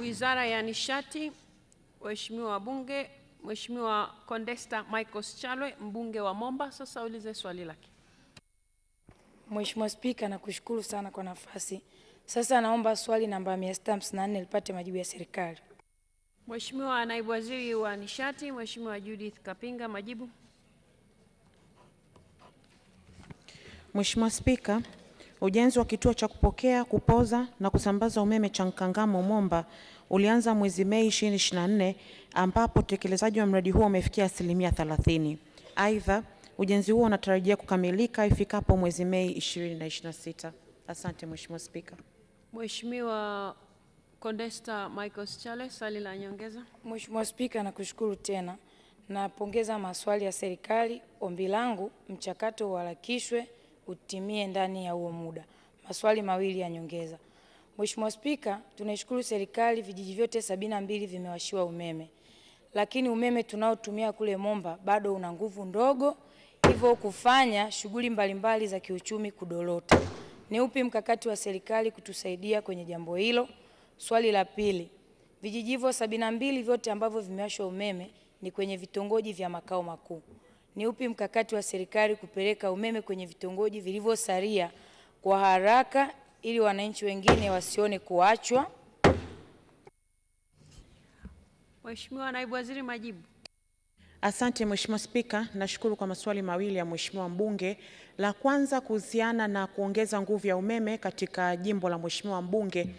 Wizara ya Nishati, Waheshimiwa wabunge, Mheshimiwa Condesta Michael Schalwe mbunge wa Momba, sasa ulize swali lake. Mheshimiwa Spika, nakushukuru sana kwa nafasi. Sasa naomba swali namba 654 lipate majibu ya serikali. Mheshimiwa Naibu Waziri wa Nishati, Mheshimiwa Judith Kapinga, majibu. Mheshimiwa Spika, Ujenzi wa kituo cha kupokea, kupoza na kusambaza umeme cha Nkangamo Momba ulianza mwezi Mei 2024 ambapo utekelezaji wa mradi huo umefikia asilimia 30. Aidha, ujenzi huo unatarajia kukamilika ifikapo mwezi Mei 2026. Asante Mheshimiwa Spika. Mheshimiwa Kondesta Michael Chale, swali la nyongeza. Mheshimiwa Spika, nakushukuru tena. Napongeza maswali ya serikali. Ombi langu mchakato uharakishwe utimie ndani ya huo muda. Maswali mawili ya nyongeza. Mheshimiwa Spika, tunashukuru serikali, vijiji vyote sabini na mbili vimewashiwa umeme, lakini umeme tunaotumia kule Momba bado una nguvu ndogo, hivyo kufanya shughuli mbalimbali za kiuchumi kudorota. Ni upi mkakati wa serikali kutusaidia kwenye jambo hilo? Swali la pili, vijiji hivyo sabini na mbili vyote ambavyo vimewashwa umeme ni kwenye vitongoji vya makao makuu. Ni upi mkakati wa serikali kupeleka umeme kwenye vitongoji vilivyosalia kwa haraka ili wananchi wengine wasione kuachwa? Mheshimiwa Naibu Waziri, majibu. Asante Mheshimiwa Spika, nashukuru kwa maswali mawili ya Mheshimiwa mbunge. La kwanza kuhusiana na kuongeza nguvu ya umeme katika jimbo la Mheshimiwa mbunge mm.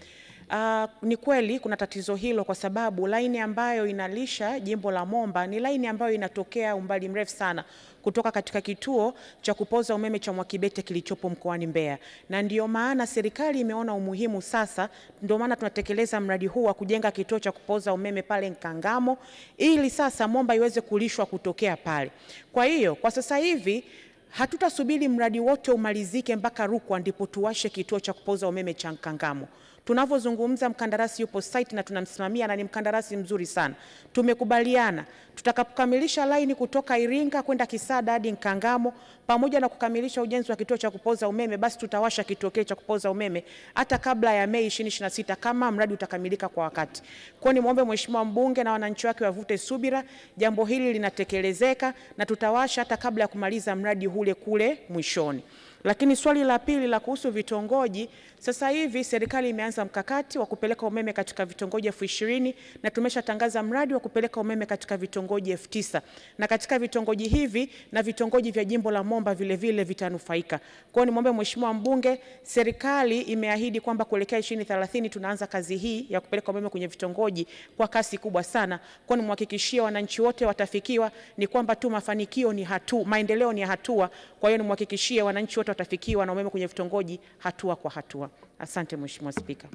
Uh, ni kweli kuna tatizo hilo kwa sababu laini ambayo inalisha jimbo la Momba ni laini ambayo inatokea umbali mrefu sana kutoka katika kituo cha kupoza umeme cha Mwakibete kilichopo mkoani Mbeya, na ndiyo maana serikali imeona umuhimu sasa, ndio maana tunatekeleza mradi huu wa kujenga kituo cha kupoza umeme pale Nkangamo ili sasa Momba iweze kulishwa kutokea pale. Kwa hiyo kwa sasa hivi hatutasubiri mradi wote umalizike mpaka Rukwa ndipo tuwashe kituo cha kupoza umeme cha Nkangamo. Tunavyozungumza mkandarasi yupo site na tunamsimamia na ni mkandarasi mzuri sana. Tumekubaliana tutakapokamilisha laini kutoka Iringa kwenda Kisada hadi Nkangamo, pamoja na kukamilisha ujenzi wa kituo cha kupoza umeme, basi tutawasha kituo kile cha kupoza umeme hata kabla ya Mei 2026 kama mradi utakamilika kwa wakati. Kwa ni muombe mheshimiwa mbunge na wananchi wake wavute subira, jambo hili linatekelezeka na tutawasha hata kabla ya kumaliza mradi hule kule mwishoni. Lakini swali la pili la kuhusu vitongoji, sasa hivi serikali imeanza mkakati wa kupeleka umeme katika vitongoji elfu ishirini na tumeshatangaza mradi wa kupeleka umeme katika vitongoji elfu tisa na katika vitongoji hivi na vitongoji vya jimbo la Momba vile vile vitanufaika. Kwa hiyo nimwombe mheshimiwa mbunge, serikali imeahidi kwamba kuelekea 2030 tunaanza kazi hii ya kupeleka umeme kwenye vitongoji kwa kasi kubwa sana. Kwa hiyo nimhakikishie wananchi wote watafikiwa, ni kwamba tu mafanikio ni hatua, maendeleo ni hatua. Kwa hiyo nimhakikishie wananchi wote wetu atafikiwa na umeme kwenye vitongoji hatua kwa hatua. Asante Mheshimiwa Spika.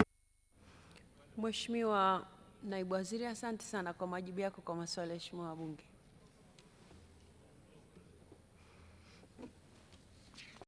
Mheshimiwa Naibu Waziri, asante sana kwa majibu yako kwa maswali ya Mheshimiwa wabunge.